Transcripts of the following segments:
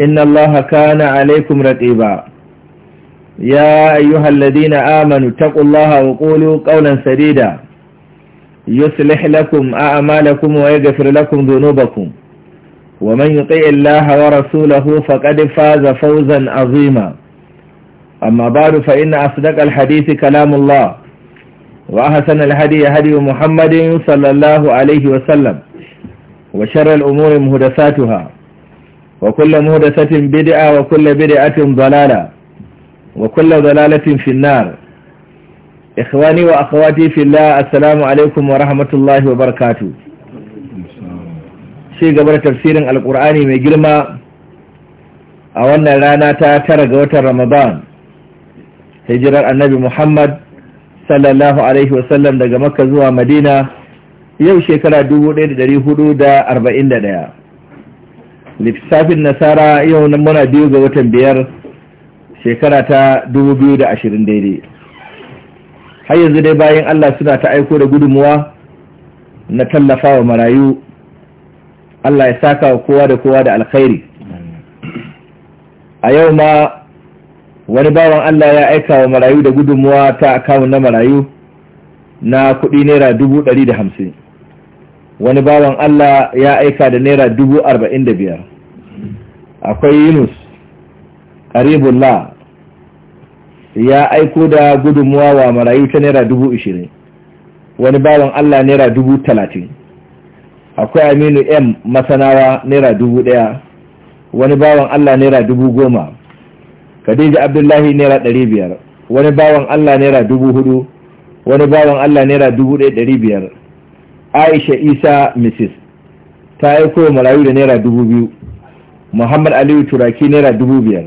إن الله كان عليكم رقيبا يا أيها الذين آمنوا اتقوا الله وقولوا قولا سديدا يصلح لكم أعمالكم ويغفر لكم ذنوبكم ومن يطيع الله ورسوله فقد فاز فوزا عظيما أما بعد فإن أصدق الحديث كلام الله وأحسن الهدي هدي محمد صلى الله عليه وسلم وشر الأمور مهدساتها wa kulle muhdasatin bid'a wa kulle bid'atin dalala wa kulle dalalatin finnar ikhwani wa akhawati fillah assalamu alaikum wa rahmatullahi wa barkatu. shi gaba da tafsirin alkur'ani mai girma a wannan rana ta tara ga watan ramadan hijirar annabi muhammad sallallahu alaihi wasallam daga makka zuwa madina yau shekara dubu da da da dari hudu arba'in 1441 lissafin nasara yau nan muna biyu ga watan biyar shekara ta biyu da ashirin daidai har yanzu dai bayan Allah suna ta aiko da gudunmuwa na tallafa wa marayu Allah ya saka wa kowa da kowa da alkhairi a yau ma wani bawan Allah ya aika wa marayu da gudunmuwa ta akawun na marayu na kudi naira dubu ɗari da hamsin wani bawan Allah ya aika da naira dubu arba'in da biyar akwai yunus karibullah ya aiko da gudunmuwa wa marayu ta naira dubu ishirin wani bawan allah naira dubu talatin akwai aminu m masanawa naira dubu ɗaya wani bawan allah naira dubu goma khadija abdullahi naira dari biyar wani bawan allah naira dubu hudu wani bawan allah naira dubu ɗaya dari biyar aisha isa mrs ta aiko marayu da naira dubu biyu muhammad aliyu turaki naira dubu biyar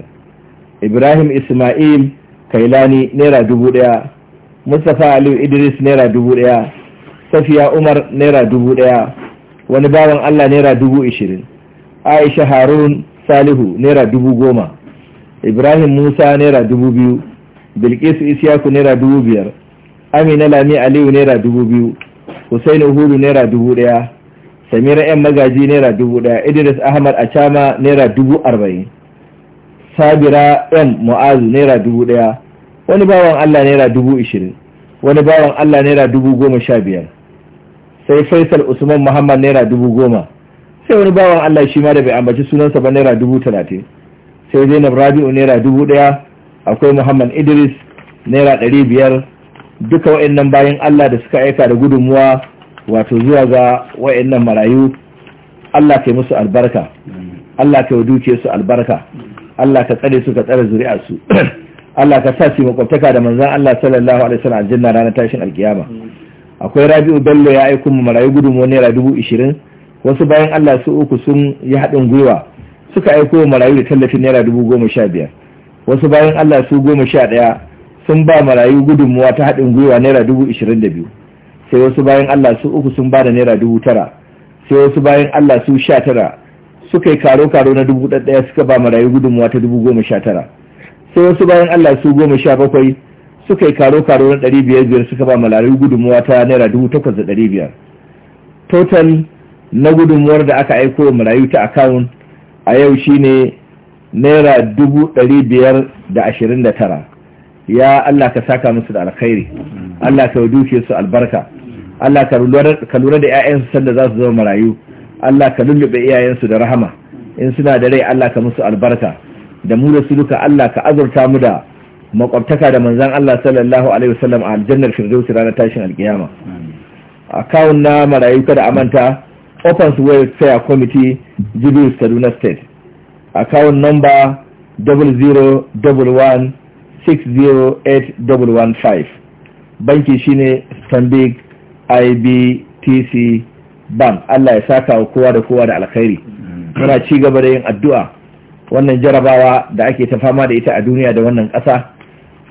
ibrahim ismail kailani naira dubu ɗaya mustapha aliyu idris naira dubu ɗaya safiya umar naira dubu ɗaya wani bawan allah naira dubu ishirin aisha harun salihu naira dubu goma ibrahim musa naira dubu biyu bilkisu isiyaku naira dubu biyar amina lami aliyu naira dubu biyu Hussaini uhuru naira dubu ɗaya samira yan magaji naira dubu ɗaya idris ahmad achama naira dubu arba'in sabira yan mu'azu naira dubu ɗaya wani bawan allah naira dubu ishirin wani bawan allah naira dubu goma sha biyar sai faisal usman muhammad naira dubu goma sai wani bawan allah shi ma da bai ambaci sunansa ba naira dubu talatin sai zainab rabi'u naira dubu ɗaya akwai muhammad idris naira ɗari biyar duka waɗannan bayan allah da suka aika da gudunmuwa wato zuwa ga wayannan marayu Allah ka musu albarka Allah ka duke su albarka Allah ka tsare su ka tsare zuri'ar su Allah ka sa su makwabtaka da manzon Allah sallallahu alaihi wasallam aljanna ranar tashin alkiyama akwai Rabi'u Bello ya aika mu marayu gudunmu naira dubu ishirin wasu bayan Allah su uku sun yi haɗin gwiwa suka aiko marayu da tallafin naira dubu goma sha biyar wasu bayan Allah su goma sha ɗaya sun ba marayu gudunmuwa ta haɗin gwiwa naira dubu ishirin da biyu sai wasu bayan Allah su uku sun bada naira dubu tara sai wasu bayan Allah su sha tara suka yi karo-karo na dubu ɗaya suka ba marayu gudunmuwa ta dubu goma sha tara sai wasu bayan Allah su goma sha bakwai suka yi karo-karo na ɗari biyar biyar suka ba marayu gudunmuwa ta naira dubu takwas da ɗari biyar total na gudunmuwar da aka aiko marayu ta akawun a yau shi ne naira dubu ɗari biyar da ashirin da tara ya Allah ka saka musu da alkhairi Allah ka duke su albarka Allah ka lura da 'ya'yansu sanda za su zama marayu Allah ka lullube iyayensu da rahama in suna da rai Allah ka musu albarka da mu da su duka Allah ka azurta mu da maƙwabtaka da manzan Allah sallallahu alaihi wasallam a aljannar firdausi ranar tashin alkiyama akawun na marayu kada amanta opens World fair committee jibius kaduna state akawun number 0011 60815 banki shine stanbic IBTC bank Allah ya saka wa kowa da kowa da alkhairi muna ci gaba da yin addu'a wannan jarabawa da ake ta fama da ita a duniya da wannan ƙasa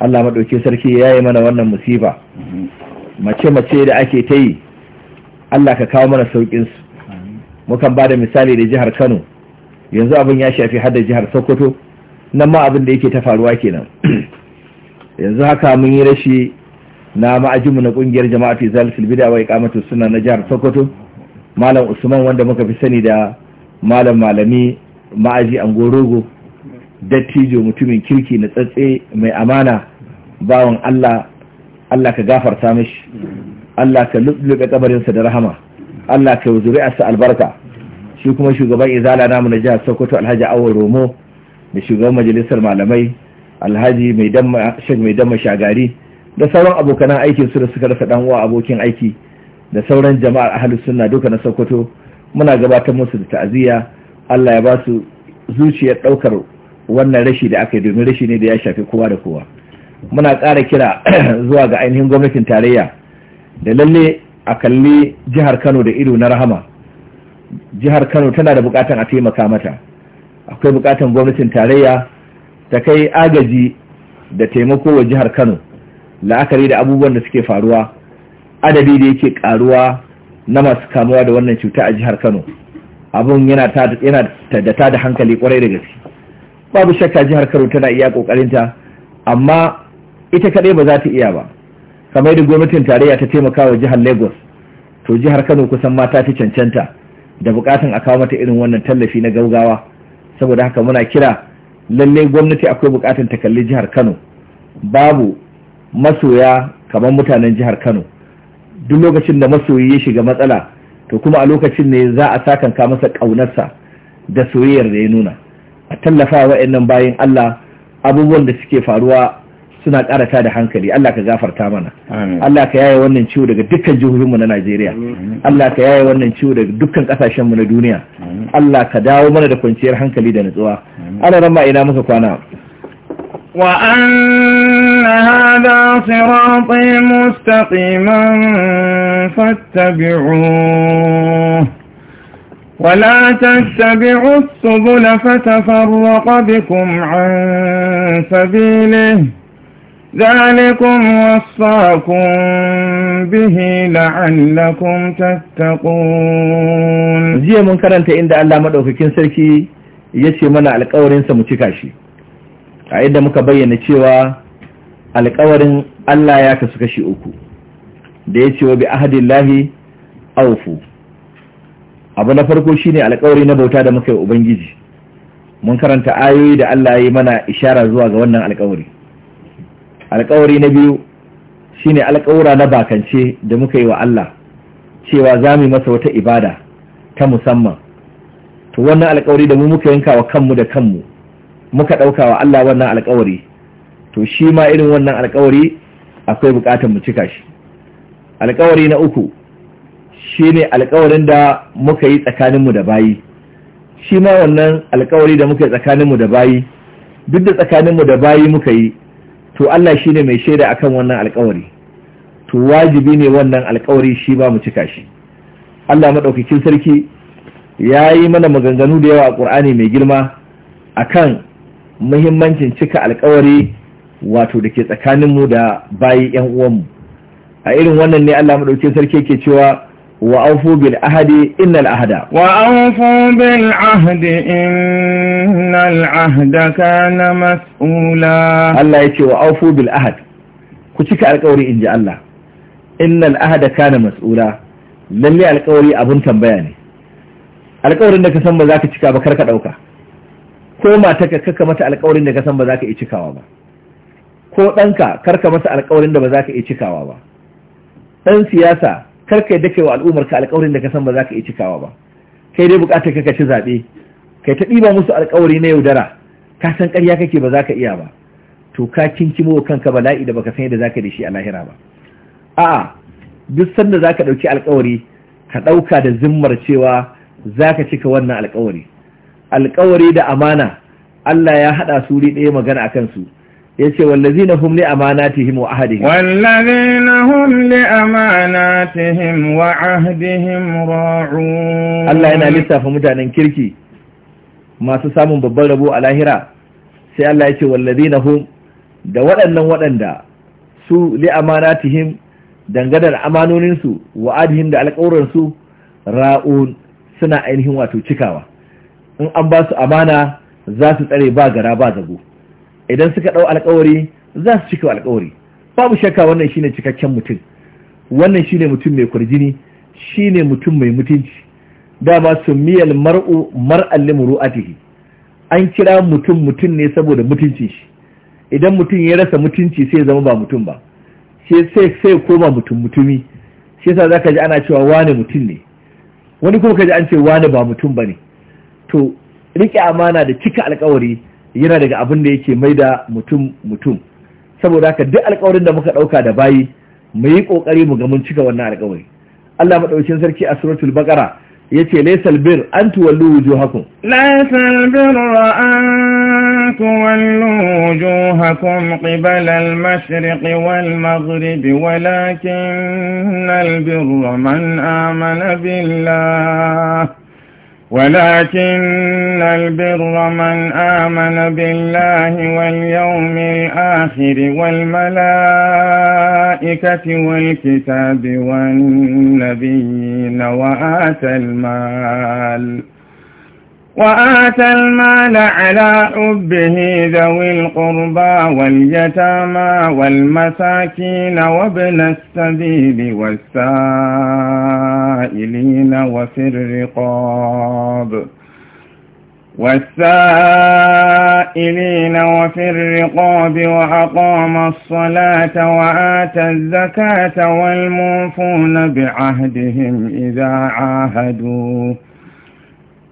Allah maɗauki sarki ya yi mana wannan musiba mace-mace da ake ta yi Allah ka kawo mana sauƙinsu mukan ba da misali da jihar Kano yanzu abin ya shafi har da jihar Sokoto nan ma abin da yake ta faruwa kenan yanzu haka mun yi rashi na ma'ajinmu na kungiyar jama'a fi zalisul bid'a wa iqamatu sunna na jihar Sokoto malam Usman wanda muka fi sani da malam malami ma'aji Angorogo dattijo mutumin kirki na tsatse mai amana bawan Allah Allah ka gafarta mishi Allah ka lubluka kabarinsa da rahama Allah ka zuri'arsa albarka shi kuma shugaban izala namu na jihar Sokoto Alhaji awon Romo da shugaban majalisar malamai Alhaji mai damma mai Shagari da sauran abokanan aikin su da suka rasa dan uwa abokin aiki da sauran jama'ar ahlus sunna duka na Sokoto muna gabatar musu da ta'aziyya Allah ya ba su zuciyar daukar wannan rashi da aka yi domin rashi ne da ya shafi kowa da kowa muna ƙara kira zuwa ga ainihin gwamnatin tarayya da lalle a kalli jihar Kano da ido na rahama jihar Kano tana da buƙatar a taimaka mata akwai buƙatar gwamnatin tarayya ta kai agaji da taimako wa jihar Kano la'akari da abubuwan da suke faruwa adadi da yake karuwa na masu kamuwa da wannan cuta a jihar Kano abun yana da ta da hankali kwarai da gaske babu shakka jihar Kano tana iya kokarinta amma ita kadai ba za ta iya ba kamar yadda gwamnatin tarayya ta taimaka wa jihar Lagos to jihar Kano kusan mata ta cancanta da bukatun a kawo mata irin wannan tallafi na gaugawa saboda haka muna kira lallai gwamnati akwai bukatun ta kalli jihar Kano babu masoya kamar mutanen jihar Kano duk lokacin da masoyi ya shiga matsala to kuma a lokacin ne za a sakanka masa kaunarsa da soyayyar da ya nuna a tallafa wa'annan bayan Allah abubuwan da suke faruwa suna karata da hankali Allah ka gafarta mana Allah ka yaye wannan ciwo daga dukkan jihohinmu na Najeriya Allah ka yaye wannan ciwo daga dukkan kasashenmu na duniya Allah ka dawo mana da kwanciyar hankali da nutsuwa ana ran ma ina muka kwana وأن هذا صراطي مستقيما فاتبعوه ولا تتبعوا السبل فتفرق بكم عن سبيله ذلكم وصاكم به لعلكم تتقون جيه من كرنت عند الله مدوكين سركي yace mana alƙawarinsa mu cika shi a yadda muka bayyana cewa alkawarin Allah ya kasu kashi uku da ya ce wa bi ahadillahi aufu abu na farko shine alkawari na bauta da muka yi ubangiji mun karanta ayoyi da Allah ya yi mana ishara zuwa ga wannan alkawari alkawari na biyu shine alkawura na bakance da muka yi wa Allah cewa za mu masa wata ibada ta musamman to wannan alkawari da mu muka yanka wa kanmu da kanmu muka ɗauka wa Allah wannan alƙawari, to shi ma irin wannan alƙawari akwai bukatar mu cika shi Alƙawari na uku shi ne alƙawarin da muka yi tsakaninmu da bayi shi ma wannan alƙawari da muka yi tsakaninmu da bayi duk da tsakaninmu da bayi muka yi to Allah shi ne mai shaida akan wannan alƙawari, to wajibi ne wannan alƙawari shi ba mu cika shi Allah maɗaukakin sarki ya yi mana maganganu da yawa a ƙur'ani mai girma akan muhimmancin cika alkawari wato da ke tsakaninmu da bayi yan uwanmu a irin wannan ne Allah madaukakin sarki yake cewa wa aufu bil ahdi innal ahda wa aufu bil ahdi innal ahda kana mas'ula Allah yake wa aufu bil ahd ku cika alkawari inji Allah innal ahda kana mas'ula lalle alkawari abun tambaya ne alkawarin da ka san ba za ka cika ba karka dauka ko ka kaka mata alƙawarin da ka san ba za ka iya cikawa ba ko ɗanka karka masa alƙawarin da ba za ka iya cikawa ba ɗan siyasa karka yadda kai wa al'ummar ka alƙawarin da ka san ba za ka iya cikawa ba kai dai buƙatar ka ci zaɓe kai ta ɗiba musu alƙawari na yaudara ka san ƙarya kake ba za ka iya ba to ka kinkimo kanka bala'i da baka san yadda ka da shi a lahira ba a'a duk sanda za ka ɗauki alƙawari ka ɗauka da zimmar cewa za ka cika wannan alƙawari alkawari da amana Allah ya haɗa su ɗaya magana a kansu ya ce wallazina hum li amanatihim wa Wallazi na hum li amanatihim wa ahdihim ra'un Allah yana lissafa mutanen kirki masu samun babban rabo a lahira sai Allah ya ce na hum da waɗannan waɗanda su li amanatihim dangane da amanoninsu wa ahdihim da alƙawarinsu ra'un suna ainihin wato cikawa in an ba su amana za su tsare ba gara ba zago idan suka ɗau alkawari za su cika alkawari babu shakka wannan shine cikakken mutum wannan shine mutum mai kurjini shine mutum mai mutunci dama sumiyal mar'u mar'al limru'atihi an kira mutum mutum ne saboda mutuncin shi idan mutum ya rasa mutunci sai zama ba mutum ba sai sai sai koma mutum mutumi sai yasa zaka ji ana cewa wane mutum ne wani kuma kaji an ce wane ba mutum bane to rike amana da cika alkawari yana daga abin da yake mai da mutum mutum saboda haka duk alkawarin da muka dauka da bayi mu yi kokari mu ga mun cika wannan alkawari Allah madaukakin sarki a suratul baqara yace laysal bir an tuwallu wujuhakum laysal bir an tuwallu wujuhakum qibala al-mashriq wal maghrib walakin al-birra man amana billah ولكن البر من آمن بالله واليوم الآخر والملائكة والكتاب والنبيين وآتى المال وآتى المال على حبه ذوي القربى واليتامى والمساكين وابن السبيل والسائلين وفي الرقاب والسائلين وفي الرقاب وأقام الصلاة وآتى الزكاة والموفون بعهدهم إذا عاهدوا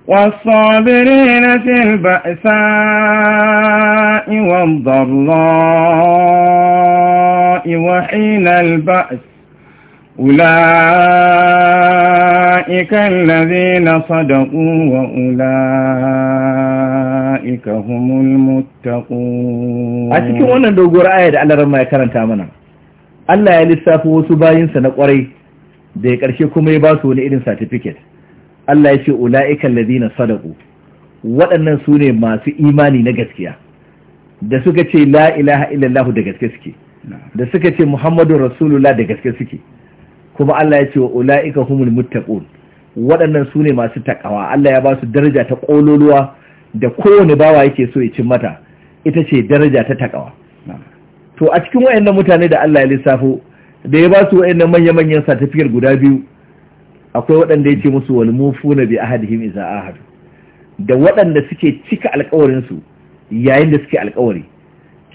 والصابرين في البأساء والضراء وحين البأس أولئك الذين صدقوا وأولئك هم المتقون أتكي وانا دوغور آية على رمى يكرن تامنا ألا ya lissafi wasu bayinsa na ƙwarai da ya ƙarshe kuma Allah ya ce ula'ikan allazina sadaku, waɗannan su ne masu imani na gaskiya da suka ce la ilaha illallah da gaske suke da suka ce muhammadu rasulullah da gaske suke kuma Allah ya ce wa ula'ika humul muttaqun waɗannan su ne masu takawa Allah ya ba su daraja ta kololuwa da kowane bawa yake so ya cin mata ita ce daraja ta takawa to a cikin wayannan mutane da Allah ya lissafo da ya ba su wayannan manya-manyan satifikar guda biyu akwai waɗanda ya ce musu mufu na bi ahadihim iza ahad da waɗanda suke cika alƙawarin su yayin da suke alkawari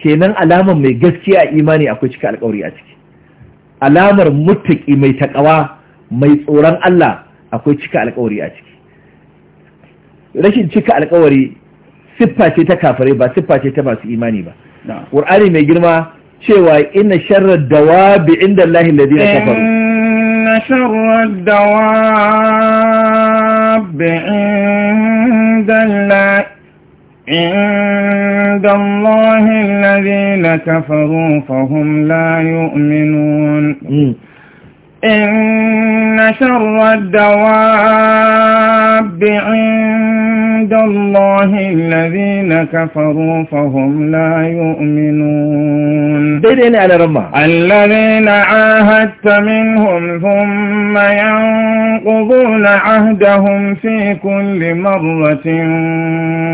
kenan alamar mai gaskiya imani akwai cika alƙawari a ciki alamar mutaki mai takawa mai tsoron Allah akwai cika alkawari a ciki rashin cika alkawari siffa ce ta kafare ba siffa ce ta masu imani ba Qur'ani mai girma cewa ina inna sharrad dawabi inda Allahi ladina kafaru إن شر الدواب عند الله عند الله الذين كفروا فهم لا يؤمنون إن شر الدواب عند عند الله الذين كفروا فهم لا يؤمنون الذين عاهدت منهم ثم ينقضون عهدهم في كل مرة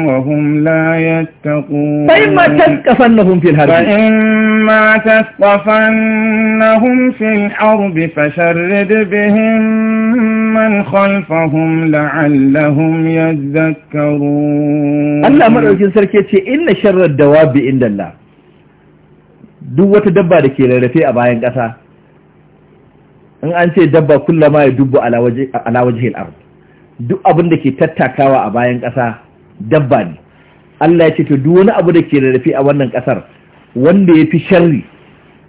وهم لا يتقون فإما تثقفنهم في الحرب فإما تثقفنهم في الحرب فشرد بهم من خلفهم لعلهم يذكرون Allah madaukin sarki ce inna sharrad dawabi Allah, duk wata dabba da ke rarrafe a bayan ƙasa in an ce dabba kullama ya dubbo ala wajhil ard duk abin da ke tattakawa a bayan ƙasa dabba ne Allah ya ce to duk wani abu da ke rarrafe a wannan ƙasar wanda ya fi sharri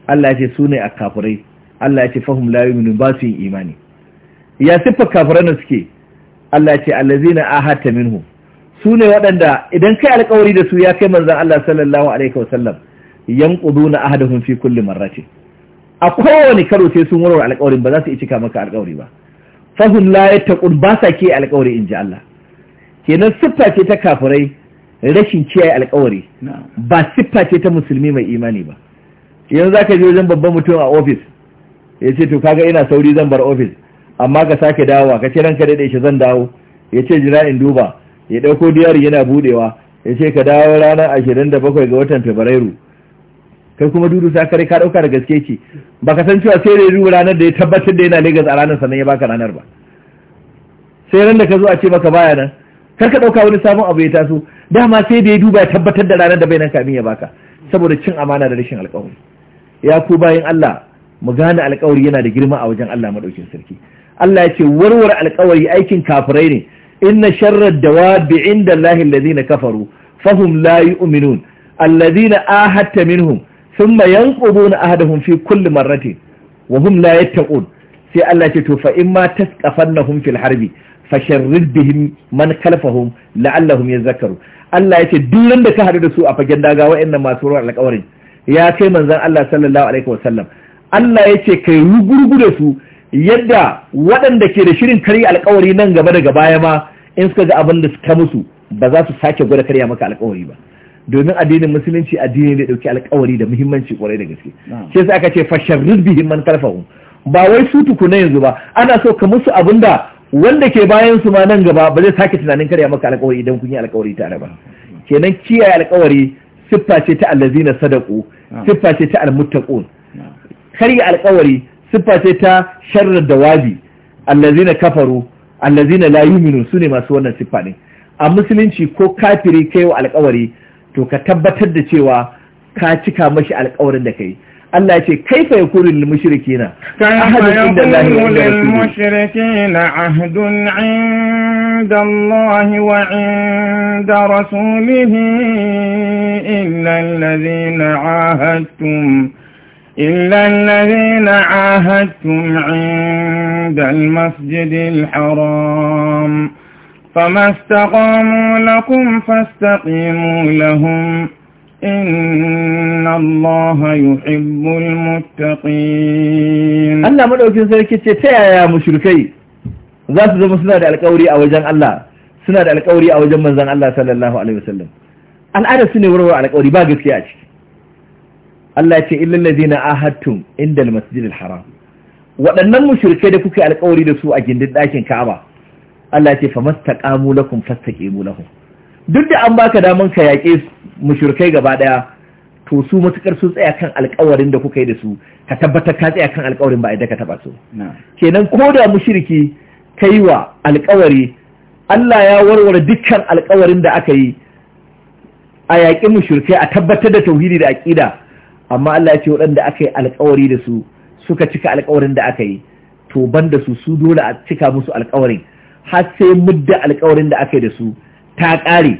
Allah ya ce su ne a kafirai Allah ya ce fahim la yu'minu ba su yin imani ya siffa kafirai suke Allah ya ce allazina ahata minhum su ne waɗanda idan kai alkawari da su ya kai manzan Allah sallallahu alaihi wasallam yanquduna ahadahum fi kulli marrati a kowane karo sai sun warware alkawarin ba za su cika maka alkawari ba fahum la ƙun ba sa ke alkawari in ji Allah kenan siffa ce ta kafirai rashin kiyaye alkawari ba siffa ce ta musulmi mai imani ba yanzu zaka je wajen babban mutum a ofis ya ce to kaga ina sauri zan bar ofis amma ka sake dawowa ka ce ranka daɗe shi zan dawo ya ce jira in duba ya ɗauko diyari yana budewa ya ce ka dawo ranar ashirin da bakwai ga watan fabrairu kai kuma dudu sa kare ka dauka da gaske ce ka san cewa sai da duba ranar da ya tabbatar da yana Legas a ranar sannan ya baka ranar ba sai ran da ka zo a ce maka baya nan kar ka ɗauka wani sabon abu ya taso dama sai da ya duba ya tabbatar da ranar da bai nan kamin ya baka saboda cin amana da rashin alƙawari ya ku bayan Allah mu gane alƙawari yana da girma a wajen Allah madaukin sarki Allah ya ce warware alƙawari aikin kafirai ne inna sharrad dawabi inda Allahi allazina kafaru fahum la yu'minun allazina ahadta minhum thumma yanquduna ahadahum fi kulli marratin wa hum la yattaqun sai Allah ce to fa in ma tasqafannahum fil harbi fasharrid bihim man khalfahum ya zakaru. Allah yace duk da ka haɗu da su a fagen daga wa'annan masu ruwan alƙawarin ya kai manzon Allah sallallahu alaihi sallam. Allah yace kai rugurgu da su yadda waɗanda ke da shirin karyi alƙawari nan gaba daga baya ma in suka ga abin da suka musu ba za su sake gwada karya maka alkawari ba domin addinin musulunci addini ne dauki alkawari da muhimmanci kwarai da gaske sai sai aka ce fasharrid bihim himman kalfahum ba wai su tukuna yanzu ba ana so ka musu da wanda ke bayan su ma nan gaba ba zai sake tunanin karya maka alkawari idan kun yi alkawari tare ba kenan kiyaye alkawari siffa ce ta allazina sadaku. siffa ce ta almuttaqun karya alkawari siffa ce ta sharrar dawabi allazina kafaru allazina la su sune masu wannan siffa ne a musulunci ko kafiri kai wa alƙawari to ka tabbatar da cewa ka cika mashi alƙawarin da kai Allah ce kaifa yakunu lil mushrikina ahadun inda Allah wa inda illa allazina ahadtum إلا الذين عاهدتم عند المسجد الحرام فما استقاموا لكم فاستقيموا لهم إن الله يحب المتقين الله مدعوكين سيكي تتايا يا مشركي ذات زم سنة الكوري أو جان الله سنة الكوري أو جان من زان الله صلى الله عليه وسلم الآن سنة وروا على الكوري باقي سياج Allah ce illal ladina ahadtum al-masjid al haram waɗannan mushrikai da kuke alƙawari da su a gindin ɗakin Ka'aba Allah ce famastaqamu lakum fastaqimu lahum duk da an baka daman ka yaƙe mushrikai gaba ɗaya to su matukar sun tsaya kan alƙawarin da kuka yi da su ka tabbatar ka tsaya kan alƙawarin ba idan ka taba su kenan ko da mushriki kai wa alƙawari Allah ya warware dukkan alƙawarin da aka yi a yaƙi mushrikai a tabbatar da tauhidi da aƙida amma Allah ya ce waɗanda aka yi alkawari da su suka cika alkawarin da aka yi to ban da su su dole a cika musu alkawarin har sai mudda alkawarin da aka yi da su ta ƙare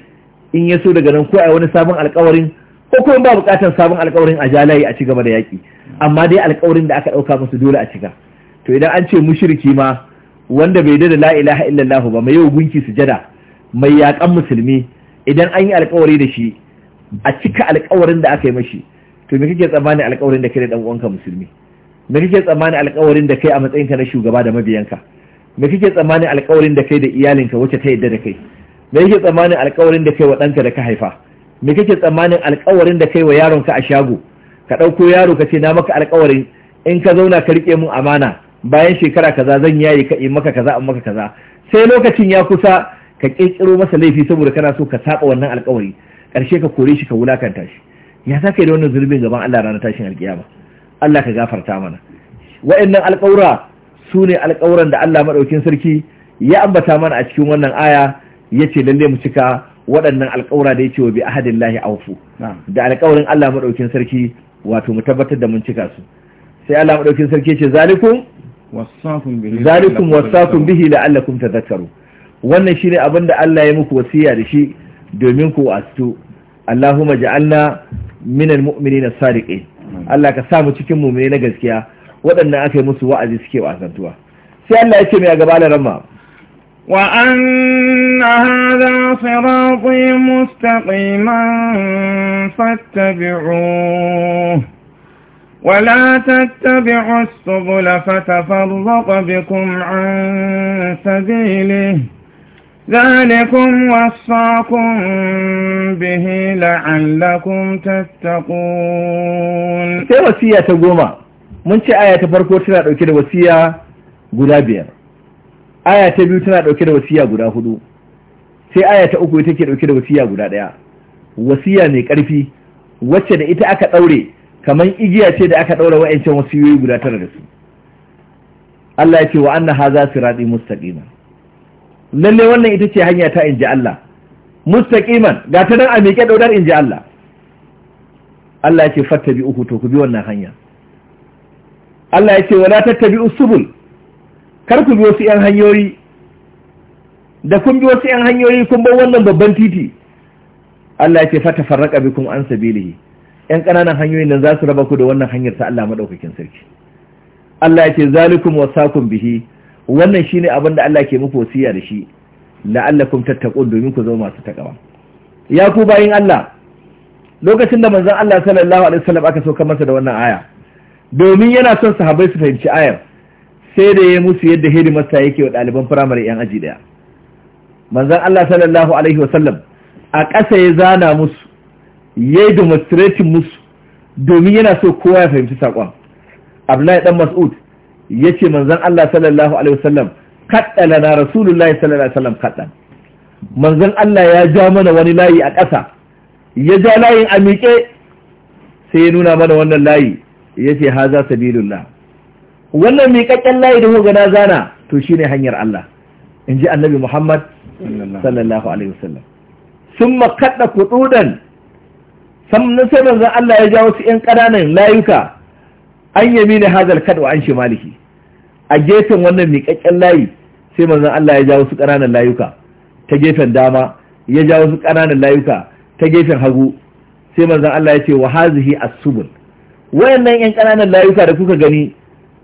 in ya so daga nan ko a wani sabon alkawarin ko kuma ba buƙatar sabon alkawarin a jalaye a ci gaba da yaƙi amma dai alkawarin da aka ɗauka musu dole a cika to idan an ce mushriki ma wanda bai da la ilaha illallah ba mai yau gunki sujada mai yaƙan musulmi idan an yi alkawari da shi a cika alkawarin da aka yi mashi to me kake tsammani alƙawarin da kai da dan uwanka musulmi me kake tsammani alƙawarin da kai a matsayinka na shugaba da mabiyanka me kake tsammani alƙawarin da kai da iyalinka wacce ta yadda da kai me kike tsammani alƙawarin da kai wa ɗanka da ka haifa me kake tsammanin alƙawarin da kai wa yaronka a shago ka ɗauko yaro ka ce na maka alƙawarin in ka zauna ka riƙe mun amana bayan shekara kaza zan yaye ka in maka kaza in maka kaza sai lokacin ya kusa ka ƙirƙiro masa laifi saboda kana so ka saba wannan alƙawari ƙarshe ka kore shi ka wulakanta shi ya za da wannan zurbin gaban Allah ranar tashin alkiyama Allah ka gafarta mana wa'annan alƙawura su ne alƙawuran da Allah maɗaukin sarki ya ambata mana a cikin wannan aya ya ce lalle mu cika waɗannan alƙawura da ya ce wa bi ahadin lahi aufu da alƙawarin Allah maɗaukin sarki wato mu tabbatar da mun cika su sai Allah maɗaukin sarki ce zalikum zalikum wasafun bihi la'allakum tadhakkaru wannan shine abin da Allah ya muku wasiya da shi domin ku wasu Allahumma ja'alna minal mu'minina sadiqin Allah ka samu cikin mu'mini na gaskiya waɗannan aka yi musu wa'azi suke wasantuwa sai Allah ya ce mai a gaba da ramma وأن هذا صراطي مستقيما فاتبعوه ولا تتبعوا السبل فتفرق بكم عن سبيله ذلكم وصاكم به لعلكم تتقون sai وسيئة ta goma mun ce aya farko tana dauke da wasiya guda biyar aya وسيئة biyu tana dauke da wasiya guda hudu sai aya take dauke da wasiya guda mai karfi wacce da ita aka daure kamar igiya ce da aka daura wa'ancan wasiyoyi guda tara da su Allah ya ce wa anna haza sirati mustaqima lalle wannan ita ce hanya ta inji Allah mustaqiman ga ta nan a miƙe daudar inji Allah Allah ya ce fattabi uku to ku bi wannan hanya Allah ya ce wala tattabi usbul kar ku bi wasu yan hanyoyi da kun bi wasu yan hanyoyi kun bar wannan babban titi Allah ya ce fatafarraqa bikum an sabilihi yan ƙananan hanyoyin nan za su raba ku da wannan hanyar ta Allah madaukakin sarki Allah ya ce zalikum wasakum bihi wannan shine abin da Allah ke muku wasiya da shi la'allakum tattaqun domin ku zama masu takawa ya ku bayin Allah lokacin da manzon Allah sallallahu alaihi wasallam aka sauka masa da wannan aya domin yana son sahabbai su fahimci ayar sai da ya musu yadda masa yake wa ɗaliban firamare yan aji daya manzon Allah sallallahu alaihi wasallam a ƙasa ya zana musu ya yi demonstrating musu domin yana so kowa ya fahimci saƙon abdullahi dan mas'ud yace manzan Allah sallallahu alaihi wasallam kaddala na rasulullahi sallallahu alaihi wasallam kaddan Manzan Allah ya ja mana wani layi a ƙasa ya ja layin a miƙe sai ya nuna mana wannan layi yace haza sabilullah wannan miƙaƙƙen layi da kuka na zana to shine hanyar Allah in ji annabi Muhammad sallallahu alaihi wasallam sun makaɗa kuɗuɗan sannan sai manzan Allah ya ja wasu ‘yan ƙananan layuka an yamina hadal kad wa an shimaliki a gefen wannan miƙaƙƙen layi sai manzon Allah ya ja wasu ƙananan layuka ta gefen dama ya ja wasu ƙananan layuka ta gefen hagu sai manzon Allah ya ce wa hazihi as-subul wayannan yan ƙananan layuka da kuka gani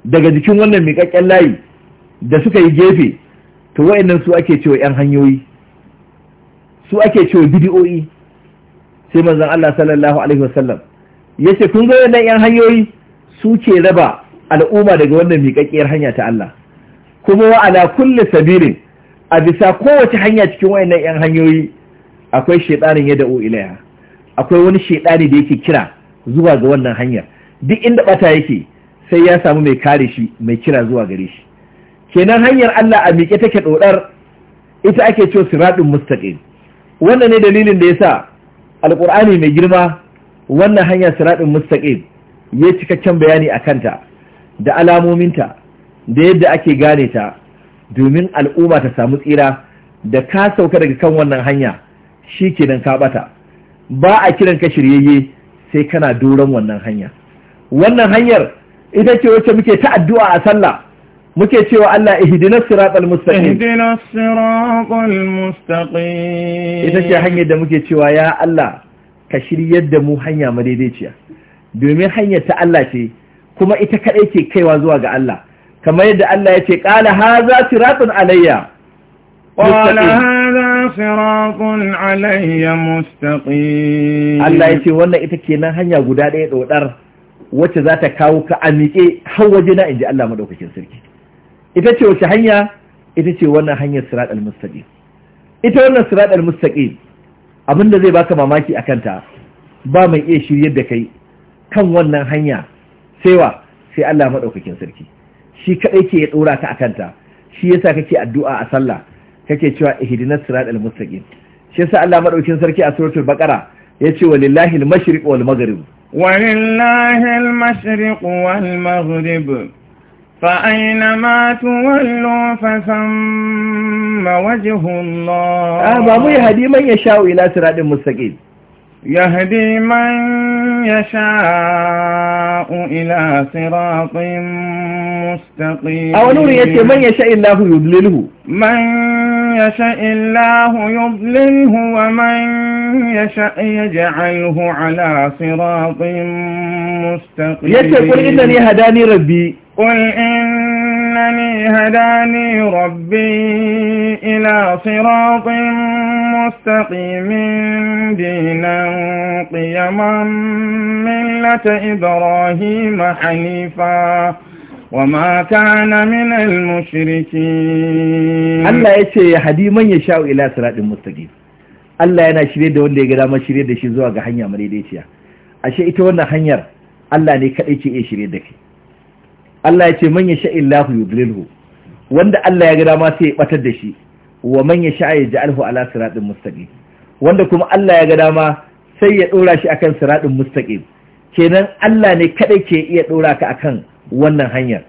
daga jikin wannan miƙaƙƙen layi da suka yi gefe to wayannan su ake cewa yan hanyoyi su ake cewa bidi'o'i sai manzon Allah sallallahu alaihi wasallam yace kun ga wannan yan hanyoyi su ke raba al'umma daga wannan miƙaƙƙiyar hanya ta Allah kuma wa ala kulli sabirin a bisa kowace hanya cikin wayannan yan hanyoyi akwai shedanin ya da'u ilaiha akwai wani shedani da yake kira zuwa ga wannan hanyar duk inda bata yake sai ya samu mai kare shi mai kira zuwa gare shi kenan hanyar Allah a miƙe take dodar ita ake cewa siratun mustaqim wannan ne dalilin da ya sa Alƙur'ani mai girma wannan hanya siratun mustaqim ya cikakken bayani a kanta da alamominta da yadda ake gane ta domin al'umma ta samu tsira da ka sauka daga kan wannan hanya shi ke ka bata ba a kiran ka shiryayye sai kana doron wannan hanya wannan hanyar ita ce wacce muke ta addu'a a sallah muke cewa Allah ihdinas siratal mustaqim ihdinas siratal mustaqim ita ce hanyar da muke cewa ya Allah ka shiryar da mu hanya madaidaiciya domin hanyar ta Allah ce kuma ita kaɗai ke kaiwa zuwa ga Allah kamar yadda Allah ya ce ƙala haza siratun alayya قال هذا alayya, علي Allah ya ce wannan ita kenan hanya guda ɗaya ɗoɗar wacce za ta kawo ka a miƙe har waje na inji Allah madaukakin sarki ita ce wacce hanya ita ce wannan hanyar sirat al-mustaqim ita wannan sirat al-mustaqim abinda zai baka mamaki a kanta, ba mai iya shiryar da kai kan wannan hanya sai wa sai Allah maɗaukakin sarki shi kaɗai ke ya ka ta kanta, shi ya yasa kake addu'a a sallah kake cewa sirat al mustaqim shi yasa Allah maɗaukin sarki a suratul baqara yace walillahi al-mashriq wal maghrib walillahi al-mashriq wal maghrib فأينما تولوا فثم وجه ba mu بابو يهدي ya sha'u ila siratul mustaqim يهدي من يشاء إلى صراط مستقيم أو نور يتي من يشاء الله يضلله من يشاء الله يضلله ومن يشاء يجعله على صراط مستقيم يتي قل إنني هداني ربي قل إن أنني هداني ربي إلى صراط مستقيم دينا قيما ملة إبراهيم حنيفا وما كان من المشركين الله يشي هدي من يشاء إلى صراط مستقيم Allah yana shirye da wanda ya ga damar shirye da shi zuwa ga hanya madaidaiciya ashe ita wannan hanyar Allah ne kaɗai ce iya shirye da kai Allah ya ce man sha'in illahu yudlilhu wanda Allah ya ga dama sai ya batar da shi wa man ya ya ja'alhu ala siratin mustaqim wanda kuma Allah ya ga dama sai ya ɗora shi akan siraɗin mustaqim kenan Allah ne kada ke iya ɗora ka akan wannan hanyar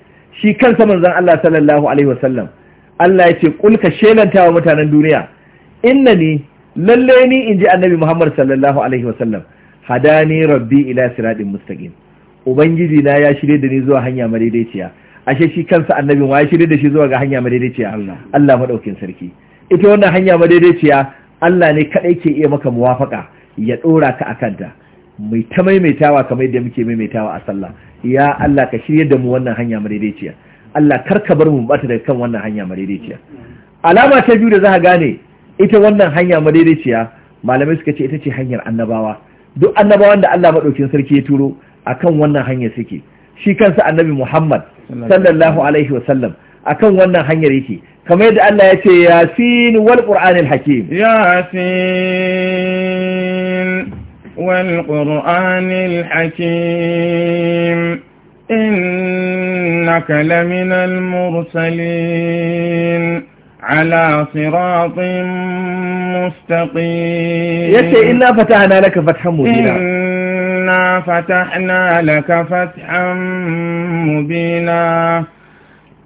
shi kansa manzon Allah sallallahu alaihi wasallam Allah ya ce kul ka shelanta wa mutanen duniya innani lalle ni ji annabi Muhammad sallallahu alaihi wasallam hadani rabbi ila siraɗin mustaqim ubangiji na ya shirye da ni zuwa hanya madaidaiciya ashe shi kansa annabin wa ya shirye da shi zuwa ga hanya madaidaiciya Allah madaukin sarki ita wannan hanya madaidaiciya Allah ne kadai ke iya maka muwafaka ya dora ka kanta. mai ta maimaitawa kamar yadda muke maimaitawa a sallah ya Allah ka shirye da mu wannan hanya madaidaiciya Allah kar ka bar mu bata da kan wannan hanya madaidaiciya alama ta biyu da za gane ita wannan hanya madaidaiciya malamai suka ce ita ce hanyar annabawa duk annabawan da Allah madaukin sarki ya turo akan wannan hanyar suke shi kansa annabi Muhammad sallallahu alaihi wasallam akan wannan hanyar yake kamar yadda Allah ya ce yasin wal qur'anil hakim yasin wal qur'anil hakim innaka laminal mursalin على صراط مستقيم يتي إنا فتحنا لك فتحا مبينا فتحنا لك فتحا مبينا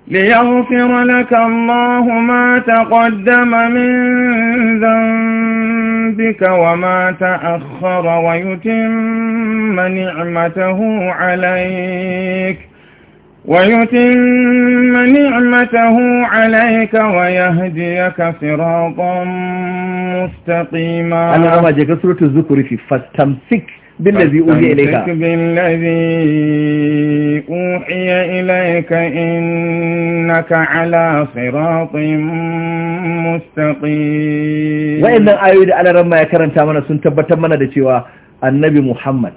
ليغفر لك الله ما تقدم من ذنبك وما تأخر ويتم نعمته عليك ويتم نعمته عليك ويهديك صراطا مستقيما أنا أما جاك سورة الذكر في فاستمسك بالذي أوحي إليك بالذي أوحي إليك إنك على صراط مستقيم وإن آيود على رمى يكرن تامنا سنتبت منا دشوا النبي محمد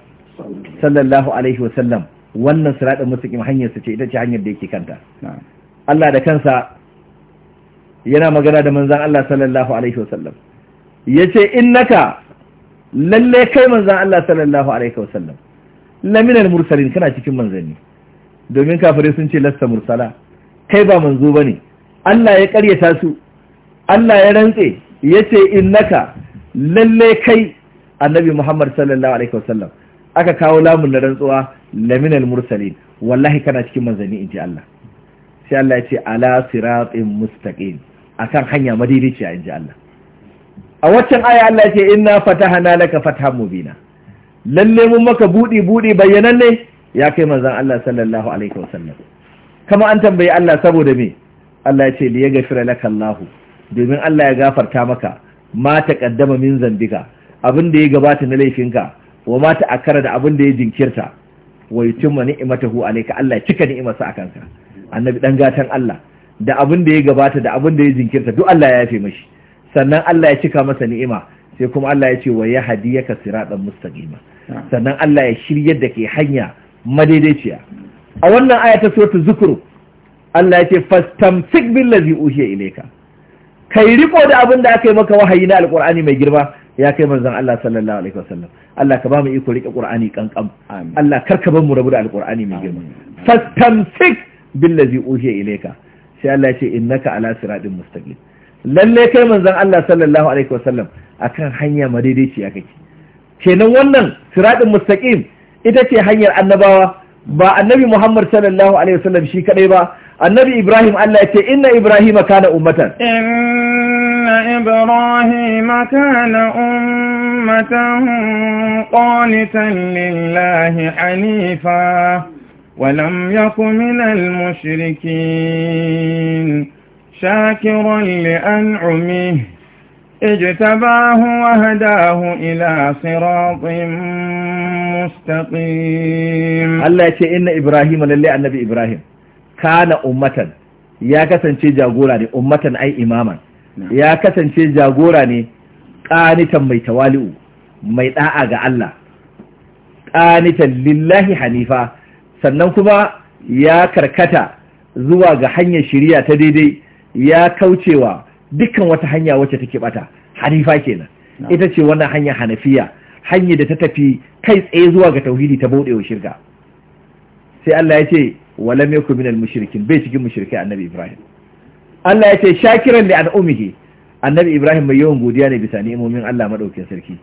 صلى الله عليه وسلم wannan siratin musulmi hanyar su ce ita ce hanyar da yake kanta Allah da kansa yana magana da manzan Allah sallallahu alaihi innaka lalle kai manzan Allah sallallahu alaihi wasallam minal mursalin kana cikin manzanni domin kafirai sun ce lasta mursala kai ba manzo bane Allah ya karyata su Allah ya rantse yace innaka lalle kai annabi Muhammad sallallahu alaihi wasallam aka kawo lamun na rantsuwa laminal mursalin wallahi kana cikin manzanni inji Allah sai Allah ya ce ala siratin mustaqim akan hanya in inji Allah a waccan aya Allah ya ce inna fatahana laka fathan mubina lalle mun maka budi budi ne? ya kai manzon Allah sallallahu alaihi wasallam kama an tambayi Allah saboda me Allah ya ce li yaghfira laka Allah domin Allah ya gafarta maka ma taqaddama min zambika abin da ya gabata na laifinka wa ma ta'akkara da abin da ya jinkirta wa yutimma ni'matahu alayka Allah cika ni'imarsa akan ka annabi dan gatan Allah da abin da ya gabata da abin da ya jinkirta duk Allah ya yafe mashi sannan Allah ya cika masa ni'ima sai kuma Allah ya ce wa ya ka siratan mustaqima sannan Allah ya shirya da ke hanya madaidaiciya a wannan aya ta suratul zukhruf Allah ya ce fastamsik billazi uhiya ilayka kai riko da abin da aka yi maka wahayi na alqur'ani mai girma ya kai manzon Allah sallallahu alaihi wasallam Allah ka ba mu iko rike qur'ani kankan Allah kar ka bar mu rabu da alqur'ani mai girma fastamsik billazi uhiya ilayka sai Allah ya ce innaka ala siratin mustaqim lalle kai manzon Allah sallallahu alaihi wasallam akan hanya madaidaiciya kake kenan wannan siratul mustaqim ita ce hanyar annabawa ba annabi Muhammad sallallahu alaihi wasallam shi kadai ba annabi Ibrahim Allah ya ce inna Ibrahim kana ummatan inna Ibrahima kana ummatan qanitan lillahi hanifa lam yakun minal المشركين شاكرا لأنعمه اجتباه وهداه إلى صراط مستقيم الله يتي إن إبراهيم لله النبي إبراهيم كان أمة يا كسن شي جاغوراني أمة أي إماما يا كسن شي جاغوراني قانتا ميتوالئ ميتاء على الله قانتا لله حنيفا sannan kuma ya karkata zuwa ga hanyar shirya ta daidai ya kaucewa dukkan wata hanya wacce take bata hanifa kenan ita ce wannan hanya hanafiya hanya da ta tafi kai tsaye zuwa ga tauhidi ta bauɗewa shirka sai Allah ya ce walam yakun minal mushrikin bai cikin mushrike annabi Ibrahim Allah ya ce shakiran li an'umihi annabi Ibrahim mai yawan godiya ne bisa ni'imomin Allah madaukakin sarki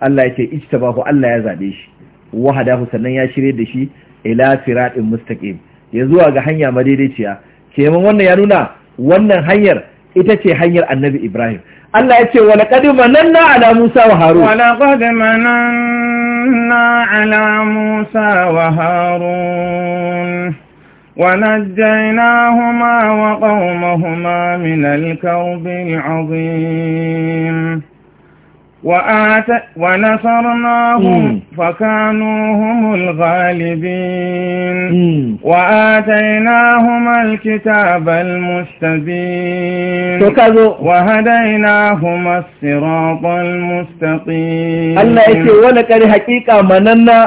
Allah ya ce ijtabahu Allah ya zabe shi wahadahu sannan ya shirye da shi ila siratin mustaqim ya zuwa ga hanya madaidaiciya kenan wannan ya nuna wannan hanyar ita ce hanyar annabi Ibrahim Allah ya ce wa laqad mananna ala Musa wa Harun wa laqad mananna ala Musa wa Harun huma وقومهما من الكرب العظيم وآت ونصرناهم فكانوا هم الغالبين وآتيناهم الكتاب المستبين وهديناهم الصراط المستقيم الله يكي ولكن حقيقة مننا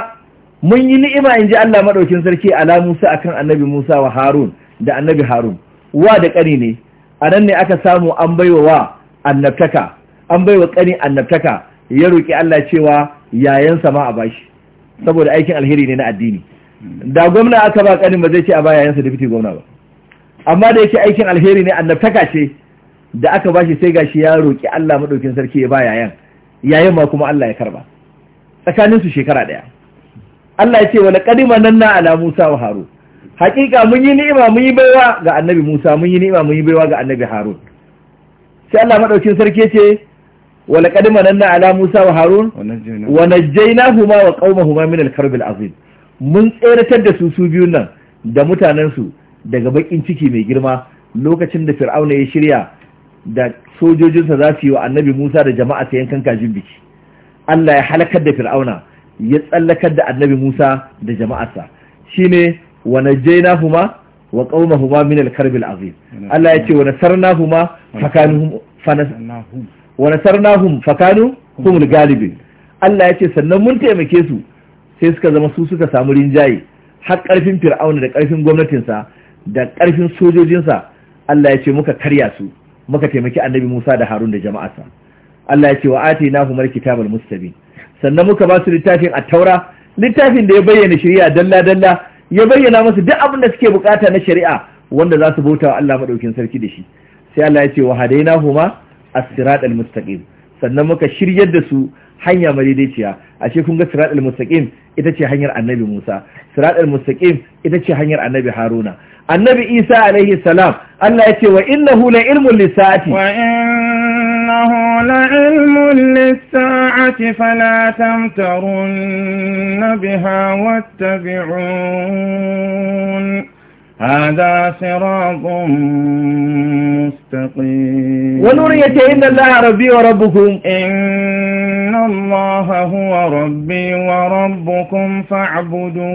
mun yi ni'ima in ji Allah maɗaukin sarki ala Musa akan annabi Musa wa Harun da annabi Harun wa da ƙani ne a nan ne aka samu an baiwa wa annabtaka an baiwa ƙani annabtaka ya roƙi Allah cewa yayansa ma a bashi saboda aikin alheri ne na addini da gwamna aka ba ƙani ba zai ce a ba yayansa deputy gwamna ba amma da yake aikin alheri ne annabtaka ce da aka bashi sai gashi ya roƙi Allah madaukin sarki ya ba yayan yayan ma kuma Allah ya karba tsakanin su shekara daya Allah ya ce wala qadima nanna ala Musa wa Harun hakika mun yi ni'ima mun yi baiwa ga annabi Musa mun yi ni'ima mun yi baiwa ga annabi Harun sai Allah madaukin sarki ce wala qad mananna ala Musa wa Harun wa huma wa qaumahuma min al-karb al-azim mun tseratar da su su biyu nan da mutanen su daga bakin ciki mai girma lokacin da Fir'auna ya shirya da sojojinsa za su yi wa Annabi Musa da jama'a ta yankan kajin biki Allah ya halakar da Fir'auna ya tsallakar da Annabi Musa da jama'arsa shine wa huma wa qaumahuma min al-karb al-azim Allah ya ce wa nasarnahuma fakanu wa nasarnahum fakanu humul galibin Allah yace sannan mun taimake su sai suka zama su suka samu rinjaye har karfin fir'auna da karfin gwamnatin sa da karfin sojojinsa Allah yace muka karya su muka taimaki annabi Musa da Harun da jama'arsa Allah ya ce wa atainahu mal mustabin sannan muka ba su littafin at-taura littafin da ya bayyana shari'a dalla dalla ya bayyana musu duk abin da suke bukata na shari'a wanda za su bauta wa Allah madaukin sarki da shi sai Allah ya ce wa hadainahuma a sirat al-mustaqim sannan muka shiryar da su hanya madaidaiciya ashe kun ga sirat al-mustaqim ita ce hanyar annabi Musa sirat al-mustaqim ita ce hanyar annabi Haruna annabi Isa alaihi salam Allah ya ce wa innahu la ilmun lisaati wa innahu la ilmun lisaati fala tamtarun biha wattabi'un hada siratun المستقيم ونريك إن الله ربي وربكم إن الله هو ربي وربكم فاعبدوه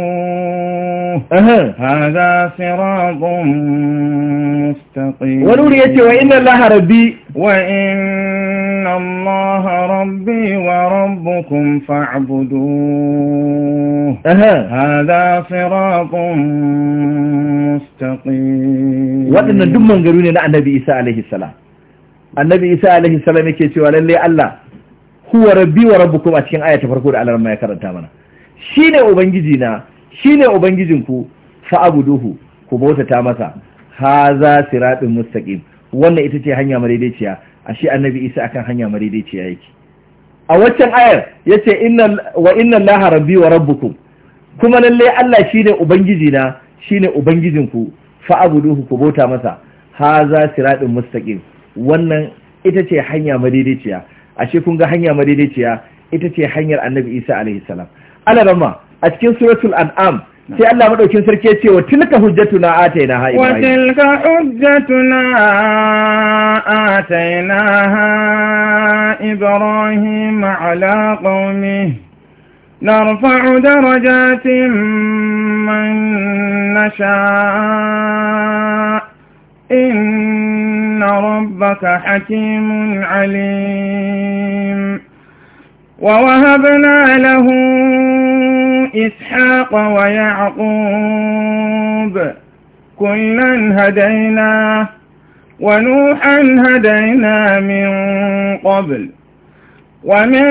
أه. هذا صراط مستقيم ونريك وإن الله ربي وإن الله ربي وربكم فاعبدوه أه. هذا صراط مستقيم وإن الدم من قالوا لنا النبي إساء alaihi salam annabi isa alaihi salam yake cewa lalle Allah huwa rabbi wa rabbukum a cikin aya farko da Allah ya karanta mana shine ubangiji na shine ubangijin ku fa abuduhu ku bautata masa haza siratul mustaqim wannan ita ce hanya a ashe annabi isa akan hanya madaidaiciya yake a waccan ayar yace inna wa inna allaha rabbi wa rabbukum kuma lalle Allah shine ubangiji na shine ubangijin ku fa abuduhu ku bauta masa haza siratun mustaqim wannan ita ce hanya a ashe kun ga hanya madidiciya ita ce hanyar annabi isa alaihi salam alarama a cikin suratul an'am sai Allah madaukin sarki ya ce wa tilka hujjatuna ataina ha ibrahim wa tilka hujjatuna ataina ha ibrahim ala qaumi نرفع درجات من نشاء إن ربك حكيم عليم ووهبنا له إسحاق ويعقوب كلا هديناه ونوحا هدينا من قبل ومن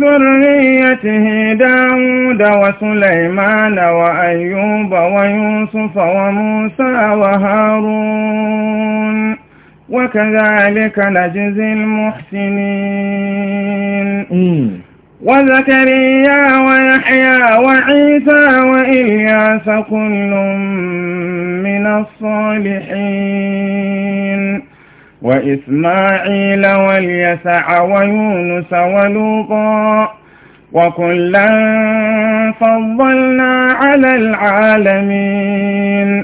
ذريته داود وسليمان وأيوب ويوسف وموسى وهارون وكذلك نجزي المحسنين وزكريا ويحيى وعيسى وإلياس كل من الصالحين وإسماعيل واليسع ويونس ولوطا وكلا فضلنا على العالمين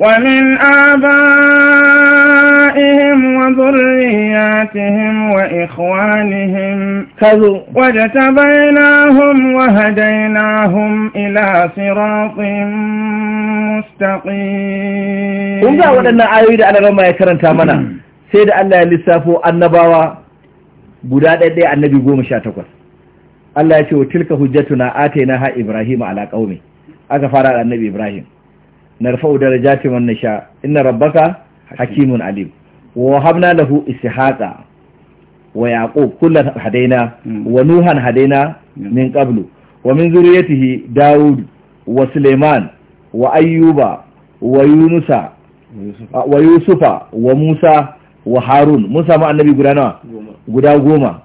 ومن آبائهم وذرياتهم وإخوانهم Kazo. ta واجتبيناهم وهديناهم إلى صراط مستقيم kun ga waɗannan ayoyi da alarama ya karanta mana sai da Allah ya lissafo annabawa guda ɗaya ɗaya annabi goma sha takwas Allah ya ce wa tilka hujjatuna atayna ha Ibrahim ala qaumi aka fara da annabi Ibrahim narfa'u darajatin wan nasha inna rabbaka hakimun alim wa habna lahu ishaqa wa yaqub kullan hadaina hmm. wa nuhan hadaina hmm. min qablu wa min zuriyatihi daud wa suleiman wa ayyuba wa yunusa wa yusufa wa musa wa harun mun samu annabi guda nawa guda goma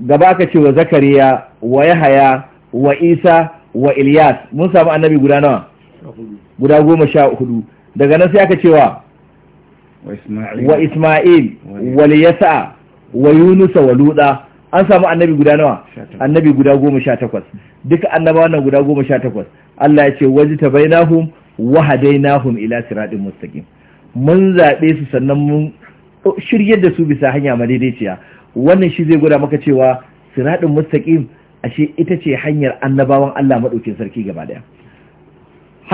gaba ka ce wa zakariya wa yahaya wa isa wa ilyas mun samu annabi guda nawa guda goma sha hudu daga nan sai aka ce wa isma'il wa yasa wa yunusa wa luda an samu annabi guda nawa annabi guda goma sha takwas duka annabawa nan guda goma sha takwas Allah ya ce waji ta nahum wa nahum ila siraɗin mustaqim mun zaɓe su sannan mun shiryar da su bisa hanya madaidaiciya wannan shi zai gwada maka cewa siraɗin mustaqim ashe ita ce hanyar annabawan Allah madaukin sarki gaba daya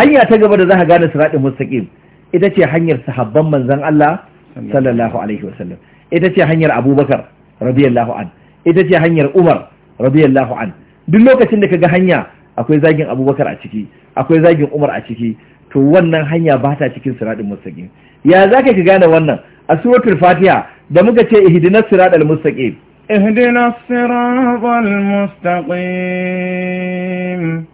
hanya ta gaba da za ka gane siraɗin mustaqim ita ce hanyar sahabban manzon Allah sallallahu alaihi wasallam ita ce hanyar abubakar radiyallahu an ita ce hanyar umar radiyallahu an duk lokacin da ka ga hanya akwai zagin abubakar a ciki akwai zagin umar a ciki to wannan hanya ba ta cikin siraɗin mustaqim ya za ka gane wannan a suratul fatiha da muka ce ihdinas siratal mustaqim ihdinas siratal mustaqim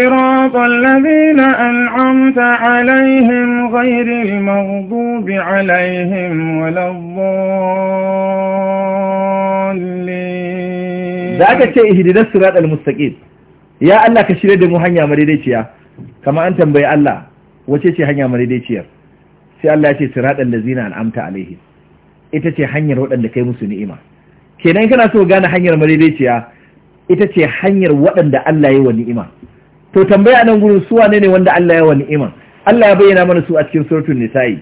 صراط الذين أنعمت عليهم غير المغضوب عليهم ولا الضالين ذاك شيء اهدنا الصراط المستقيم يا الله كشري دمو هنيا مريديتيا كما أنت بي الله wace ce hanya madaidaiciyar sai Allah ya ce siratal al'amta an'amta alaihim ita ce hanyar waɗanda kai musu ni'ima kenan kana so gane hanyar madaidaiciya ita ce hanyar waɗanda Allah ya wa ni'ima to tambaya nan gurin su wane ne wanda Allah ya wa ni'ima Allah ya bayyana mana su a cikin suratul nisa'i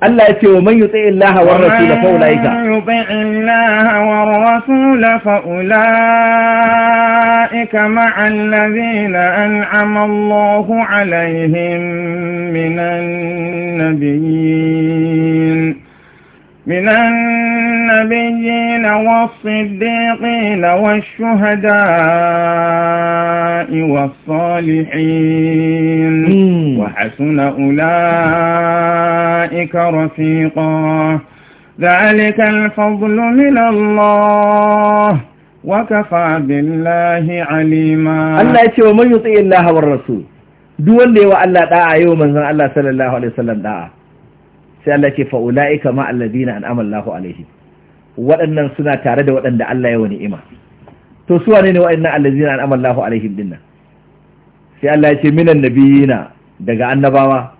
Allah ya ce wa man yuti illaha war rasul fa ulaika yuti illaha war rasul fa ulaika ma'a alladhina an'ama Allahu alaihim minan nabiyyin من النبيين والصديقين والشهداء والصالحين وحسن أولئك رفيقا ذلك الفضل من الله وكفى بالله عليما الله يتوى من يطيع الله والرسول دول لي وألا تعا يوما الله صلى الله عليه وسلم دعا sai Allah ce fa ulaika ma alladina an'ama Allahu alaihim waɗannan suna tare da waɗanda Allah ya wani ima to su wane ne waɗannan allazina an'ama Allahu alaihim dinnan sai Allah ya ce minan nabiyina daga annabawa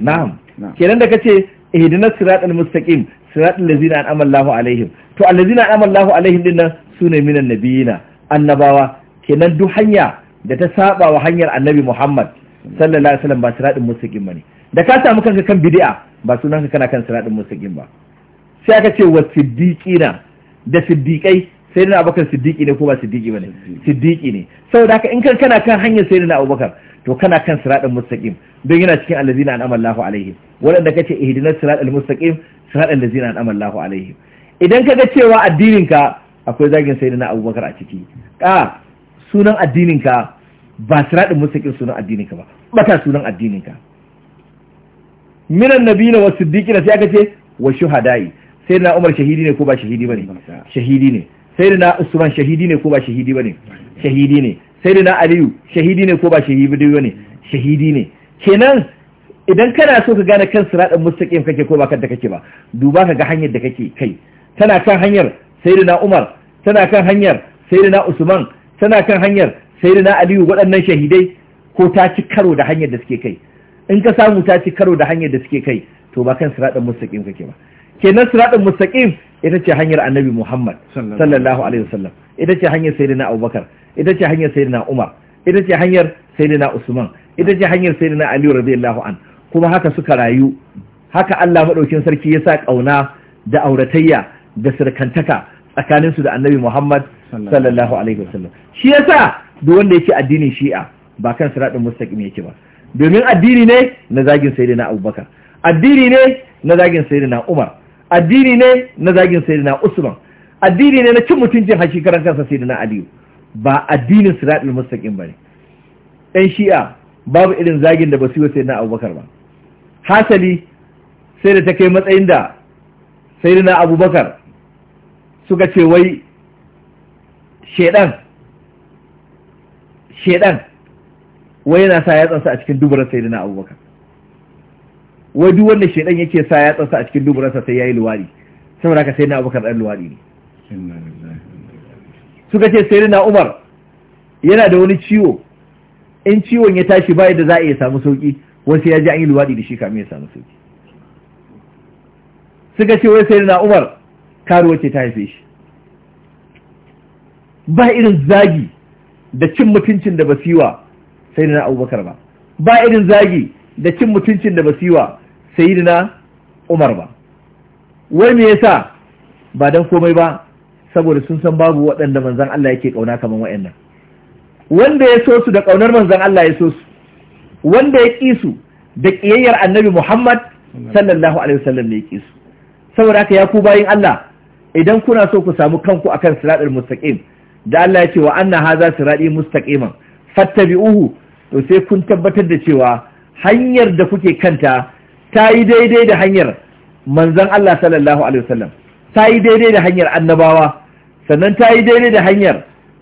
na'am kenan da kace ihdinas siratal mustaqim siratal ladzina an'ama Allahu alaihim to allazina an'ama Allahu alaihim dinnan sune minan nabiyina annabawa kenan duk hanya da ta saba wa hanyar annabi Muhammad sallallahu alaihi wasallam ba siratal mustaqim bane da ka samu kanka kan bid'a ba sunan ka kana kan sanadin mustaqim ba sai aka ce wa siddiqina da siddiqai sai na abubakar siddiqi ne ko ba siddiqi bane siddiqi ne saboda haka in kana kan hanyar sai na abubakar to kana kan sanadin mustaqim don yana cikin allazina an'ama Allahu alaihim wanda kace ihdinas siratal mustaqim siratal ladzina an'ama Allahu alaihi idan kaga cewa addinin ka akwai zagin sai na abubakar a ciki ka sunan addinin ka ba siratin mustaqim sunan addinin ka ba bata sunan addinin ka minan wasu wa na sai aka ce wa shuhada'i sai na umar shahidi ne ko ba shahidi ne shahidi ne sai na usman shahidi ne ko ba shahidi ne shahidi ne sai na aliyu shahidi ne ko ba shahidi ne shahidi ne kenan idan kana so ka gane kan siratin mustaqim kake ko ba kanta kake ba duba ka ga hanyar da kake kai tana kan hanyar na Umar tana kan hanyar na Usman tana kan hanyar na Aliyu waɗannan shahidai ko ta ci karo da hanyar da suke kai in ka samu ta ci karo da hanyar da suke kai to ba kan siraɗin mustaƙim kake ba kenan siraɗin mustaƙim ita ce hanyar annabi muhammad sallallahu alaihi wasallam ita ce hanyar sayyidina abubakar ita ce hanyar sayyidina umar ita ce hanyar sayyidina usman ita ce hanyar sayyidina aliyu radiyallahu an kuma haka suka rayu haka allah maɗaukin sarki ya sa ƙauna da auratayya da sirkantaka tsakaninsu da annabi muhammad sallallahu alaihi wasallam shi yasa duk wanda yake addinin shi'a ba kan siraɗin mustaƙim yake ba domin addini ne na zagin sayyidina abubakar addini ne na zagin sayyidina umar addini ne na zagin sayyidina usman addini ne na cin mutuncin hashi karan kansa sayyidina aliyu ba addinin siratul mustaqim ne. ɗan shi'a babu irin zagin da ba su yi sayyidina abubakar ba hasali sai da ta kai matsayin da sayyidina abubakar suka ce wai shedan shedan wai yana sa yatsansa a cikin duburar sayyidina abubakar wai duk wanda shedan yake sa yatsansa a cikin duburarsa sai yayi luwadi saboda haka na abubakar dan luwadi ne suka ce sayyidina umar yana da wani ciwo in ciwon ya tashi bai da za a iya samu sauki wasu ya ji an yi luwadi da shi kamin ya samu sauki suka ce wai sayyidina umar karuwa ce ta haife shi ba irin zagi da cin mutuncin da basiwa sai da na abubakar ba ba irin zagi da cin mutuncin da basiwa sai na umar ba wai me yasa ba dan komai ba saboda sun san babu waɗanda manzan Allah yake ƙauna kamar waɗannan wanda ya so su da ƙaunar manzan Allah ya so su wanda ya ƙi su da ƙiyayyar annabi Muhammad sallallahu alaihi wasallam ne ya ƙi su saboda haka ya ku bayin Allah idan kuna so ku samu kanku akan siratul mustaqim da Allah ya ce wa anna hadha siratul mustaqiman fattabi'uhu to sai kun tabbatar da cewa hanyar da kuke kanta ta yi daidai da hanyar manzan Allah sallallahu alaihi wasallam ta yi daidai da hanyar annabawa sannan ta yi daidai da hanyar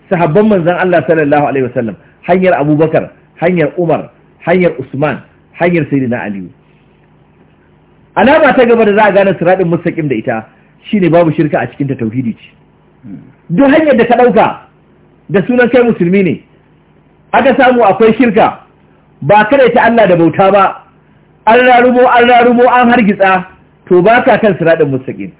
sahabban manzan Allah sallallahu alaihi wasallam hanyar Abubakar hanyar Umar hanyar Usman hanyar Sayyidina Aliyu alama ta gaba da za a gane siraɗin mustaqim da ita shine babu shirka a cikin ta tauhidi ce duk hanyar da ka ɗauka da sunan kai musulmi ne aka samu akwai shirka ba kada ta Allah da bauta ba an rarumo an rarumo an hargitsa to ba ka kan siraɗin mustaqim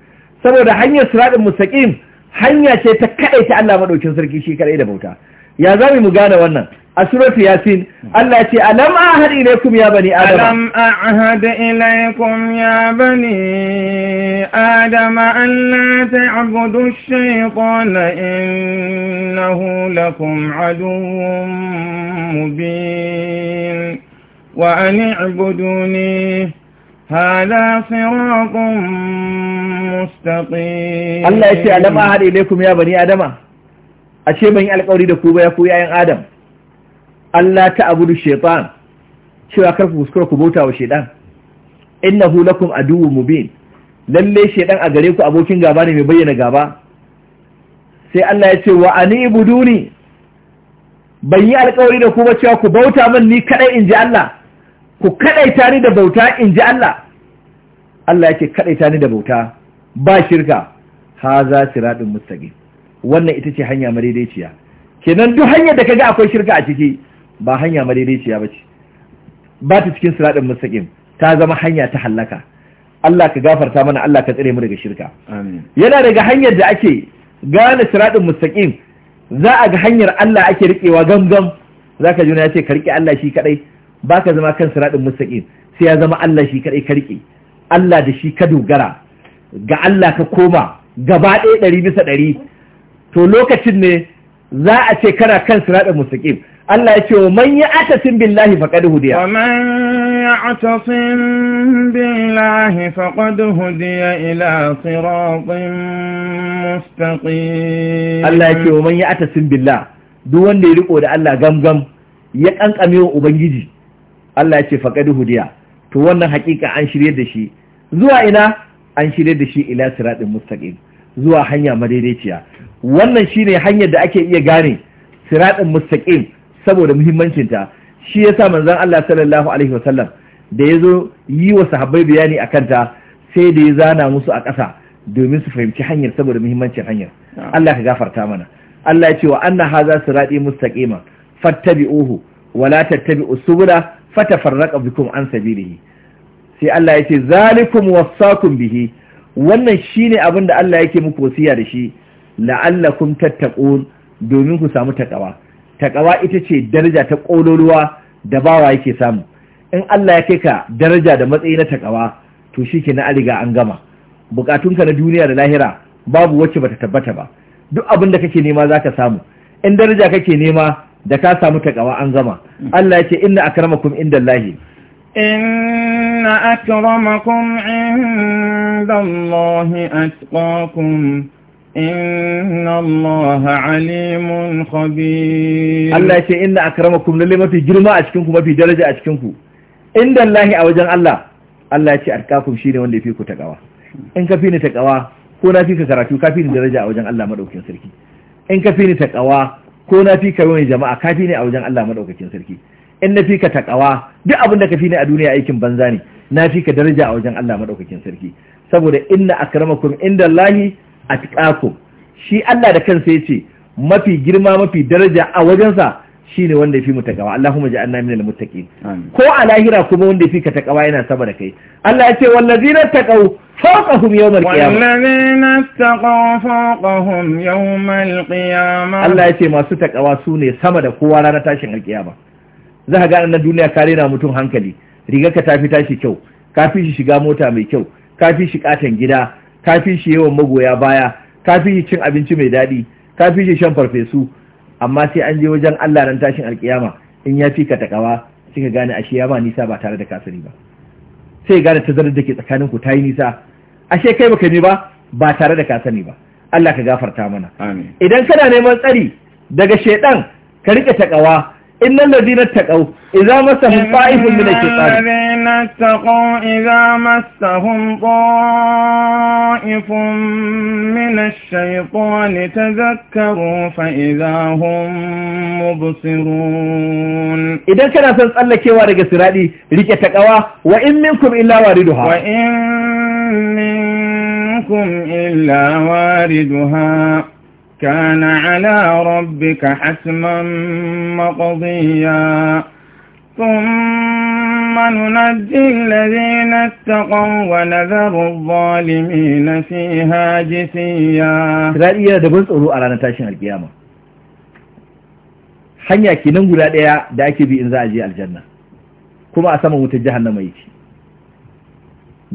saboda hanyar siraɗin mustaqim hanya ce ta kaɗai ta Allah maɗaukin sarki shi kadai da bauta ya za mu gane wannan a suratul yasin Allah ce alam ahad ilaykum ya bani adam alam ahad ilaykum ya bani adam an la ta'budu ash-shaytana innahu lakum aduwwun mubin wa an i'buduni hada siratun mustaqim Allah ce alam ahad ilaykum bani adam a ce ban yi alƙawari da ku ba ya ku adam Allah ta abudu shaitan cewa karfi fuskura ku bauta wa shaitan innahu lakum aduwwun mubin lalle shaitan a gare ku abokin gaba ne mai bayyana gaba sai Allah ya ce wa anibuduni ban yi alkawari da ku ba cewa ku bauta min ni kadai in ji Allah ku kadai ni da bauta in ji Allah Allah yake kadai ni da bauta ba shirka haza siratun mustaqim wannan ita ce hanya madaidaiciya kenan duk hanyar da kaga akwai shirka a ciki ba hanya madaidaiciya ba ce ba ta cikin siraɗin mustaƙim ta zama hanya ta hallaka Allah ka gafarta mana Allah ka tsire mu daga shirka yana daga hanyar da ake gane siraɗin mustaƙim za a ga hanyar Allah ake riƙewa gangan za ka juna ya ce ka riƙe Allah shi kaɗai ba ka zama kan siraɗin mustaƙim sai ya zama Allah shi kaɗai ka riƙe Allah da shi ka dogara ga Allah ka koma gaba ɗaya ɗari bisa ɗari to lokacin ne za a ce kana kan siraɗin mustaƙim Allah ya ce wa man ya atasin billahi faqad hudiya wa man ya atasin billahi faqad hudiya ila siratin mustaqim Allah ya ce wa man ya atasin billah duk wanda ya riko da Allah gamgam ya kankame wa ubangiji Allah ya ce faqad hudiya to wannan haƙiƙa an shirye da shi zuwa ina an shirye da shi ila siratin mustaqim zuwa hanya madaidaiciya wannan shi ne hanyar da ake iya gane siratin mustaƙin. saboda muhimmancinta shi ya yasa manzon Allah sallallahu alaihi wasallam da ya zo yi wa sahabbai bayani a kanta sai da ya zana musu a ƙasa domin su fahimci hanyar saboda muhimmancin hanyar Allah ka gafarta mana Allah ya ce wa anna haza sirati mustaqima fattabi'uhu wa la tattabi'us subula fatafarraqa bikum an sabilihi sai Allah ya ce zalikum wassakum bihi wannan shine abin da Allah yake muku wasiya da shi la'allakum tattaqun domin ku samu takawa takawa ita ce daraja ta ƙololuwa da bawa yake samu in Allah ya kai ka daraja da matsayi na takawa to shi ke na riga an gama bukatunka na duniya da lahira babu wacce bata tabbata ba duk abin da kake nema zaka samu in daraja kake nema da ka samu takawa an gama Allah ya ce inna akramakum indallahi inna akramakum indallahi atqakum inna Allah alimun khabir Allah ce inna akramakum lalle mafi girma a cikin ku mafi daraja a cikin ku inda Allah a wajen Allah Allah ya ce arkakum shine wanda yafi ku takawa in ka fi ni takawa ko na fi ka karatu ka fi ni daraja a wajen Allah madaukakin sarki in ka fi ni takawa ko na fi ka yi jama'a ka fi ni a wajen Allah madaukakin sarki in na fi ka takawa duk abin da ka fi ni a duniya aikin banza ne na fi ka daraja a wajen Allah madaukakin sarki saboda inna akramakum inda Allahi a fiƙaso shi Allah da kansa ya ce mafi girma mafi daraja a wajensa shi ne wanda ya fi mutakawa Allahumma ji annamin al-mutaki ko a lahira kuma wanda ya fi ka takawa yana saba da kai Allah ya ce wallazi na takawo fauƙahun fauƙahun yau mal Allah ya ce masu takawa su ne sama da kowa ranar tashin alƙiyama za ka gane na duniya kare na mutum hankali riga ka tafi tashi kyau ka fi shi shiga mota mai kyau ka fi shi katon gida ka fi shi yawan magoya baya ka fi shi cin abinci mai daɗi ka fi shi shan farfesu amma sai an je wajen Allah nan tashin alkiyama in ya fi ka takawa sai ka gane ashe ya ba nisa ba tare da kasari ba sai gane tazarar da ke tsakanin ku tayi nisa ashe kai baka ne ba ba tare da kasani ba Allah ka gafarta mana amin idan kana neman tsari daga shedan ka rike takawa إن الذين اتقوا إذا مسهم طائف من الشيطان الذين اتقوا إذا مسهم طائف من الشيطان تذكروا فإذا هم مبصرون إذا كان تسألك وارق سرادي لك تقوى وإن منكم إلا واردها وإن منكم إلا واردها كان على ربك حسما مقضيا ثم ننجي الذين اتقوا ونذر الظالمين فيها جثيا رأيي da ban tsoro a ranar tashin alkiyama hanya kenan guda ɗaya da ake bi in za a je aljanna kuma a saman jihar na yake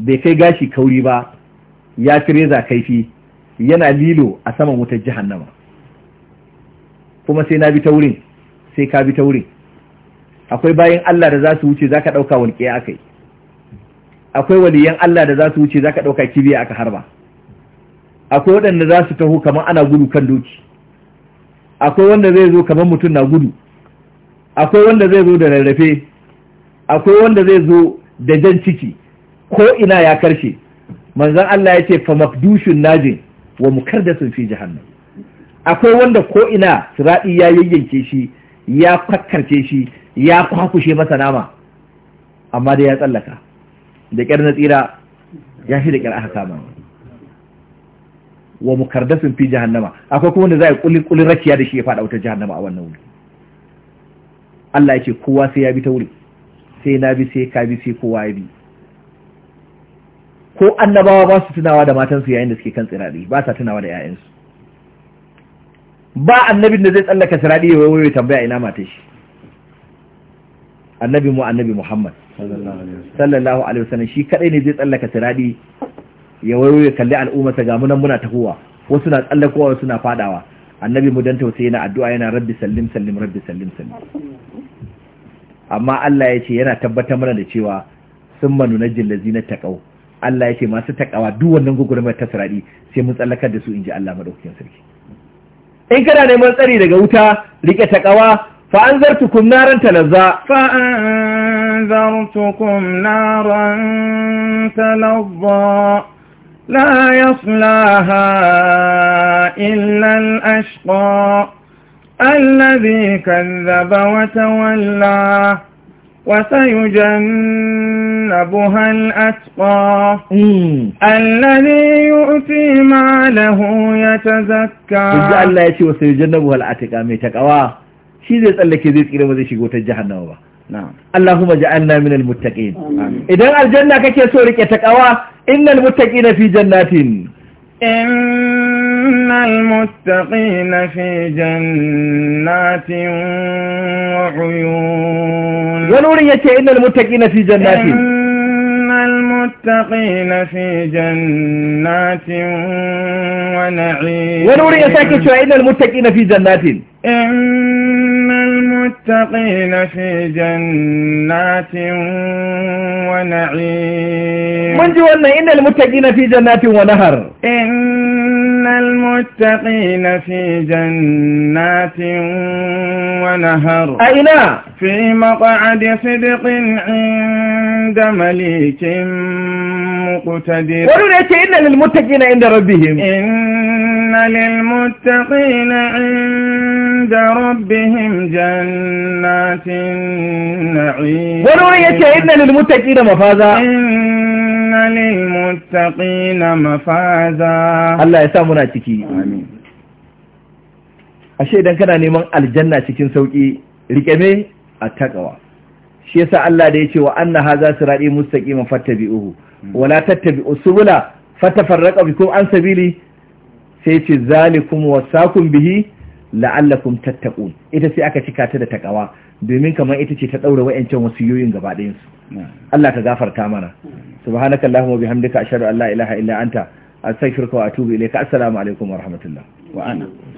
bai kai gashi kauri ba ya fi reza kaifi yana lilo a saman wutar jahannama kuma sai na bi ta wurin sai ka bi ta wurin akwai bayan Allah da za su wuce za ka ɗauka walƙiya a kai. akwai waliyan Allah da za su wuce za ka ɗauka kibiya aka harba akwai waɗanda za su taho kamar ana gudu kan doki akwai wanda zai zo kamar mutum na gudu akwai wanda zai zo da rarrafe akwai wanda zai zo da jan ciki ko ina ya karshe manzan Allah ya ce fa makdushun najin wa sun fi jahannam akwai wanda ko ina siradi ya yayyanke shi ya fakkarce shi ya kwakushe masa nama amma dai ya tsallaka da kyar na tsira ya shi da kyar aka kama wa sun fi jahannama akwai kuma wanda za a kulli kulli rakiya da shi ya fada wata jahannama a wannan wuri Allah yake kowa sai ya bi ta wuri sai na bi sai ka bi sai kowa ya bi ko annabawa ba su tunawa da matansu yayin da suke kan tsirari ba sa tunawa da 'ya'yansu ba annabin da zai tsallaka tsirari ya wayo tambaya ina mata shi annabi mu annabi muhammad sallallahu alaihi wasallam shi kadai ne zai tsallaka tsirari ya wayo ya kalli ta ga munan muna tahowa wasu na tsallakowa wasu na fadawa annabi mu dan tausayi na addu'a yana rabbi sallim sallim rabbi sallim sallim amma Allah ya ce yana tabbatar mana da cewa sun manu na jillazi na taƙau Allah ya ce masu takawa duk wannan gugurmar ta sarari sai mun tsallakar da su inji Allah madaukakin sarki in kana neman tsari daga wuta rike takawa fa anzartukum naran talazza fa anzartukum naran talazza لا يصلاها إلا الأشقى الذي كذب وتولى وسيجنبها الأتقى الذي يؤتي ما له يتزكى إذا الله يتي وسيجنبها الأتقى ميتقوى شيء زي تسألك زي تقريبا وزي شيء قوة الجهنم Allahumma ja'alna minal muttaqin idan aljanna kake so rike takawa innal muttaqina fi jannatin إن المتقين في جنات وعيون ونور إن المتقين في جنات إن المتقين في جنات ونعيم ونور إن المتقين في جنات إن المتقين في جنات ونعيم من جوانا إن المتقين في جنات ونهر إن المتقين في جنات ونهر أينا في مقعد صدق عند مليك مقتدر ولذلك إن للمتقين عند ربهم إن للمتقين عند ربهم جنات النعيم ولذلك إن للمتقين مفازا إن للمتقين مفازا الله يسامنا تكي آمين أشياء إذا kana neman aljanna cikin سوكي rike me attaqwa shi yasa Allah da yace wa anna hadha sirati mustaqiman fattabi'uhu wa la tattabi'us subula fatafarraqu bikum an sabili sai yace zalikum wasakum bihi la'allakum tattaqun ita sai aka cika ta da takawa domin kamar ita ce ta daura wayancan wasiyoyin gaba ɗayan su Allah ta gafarta mana subhanakallahumma bihamdika ashhadu an la ilaha illa anta astaghfiruka wa atubu ilayka assalamu alaikum wa rahmatullah wa ana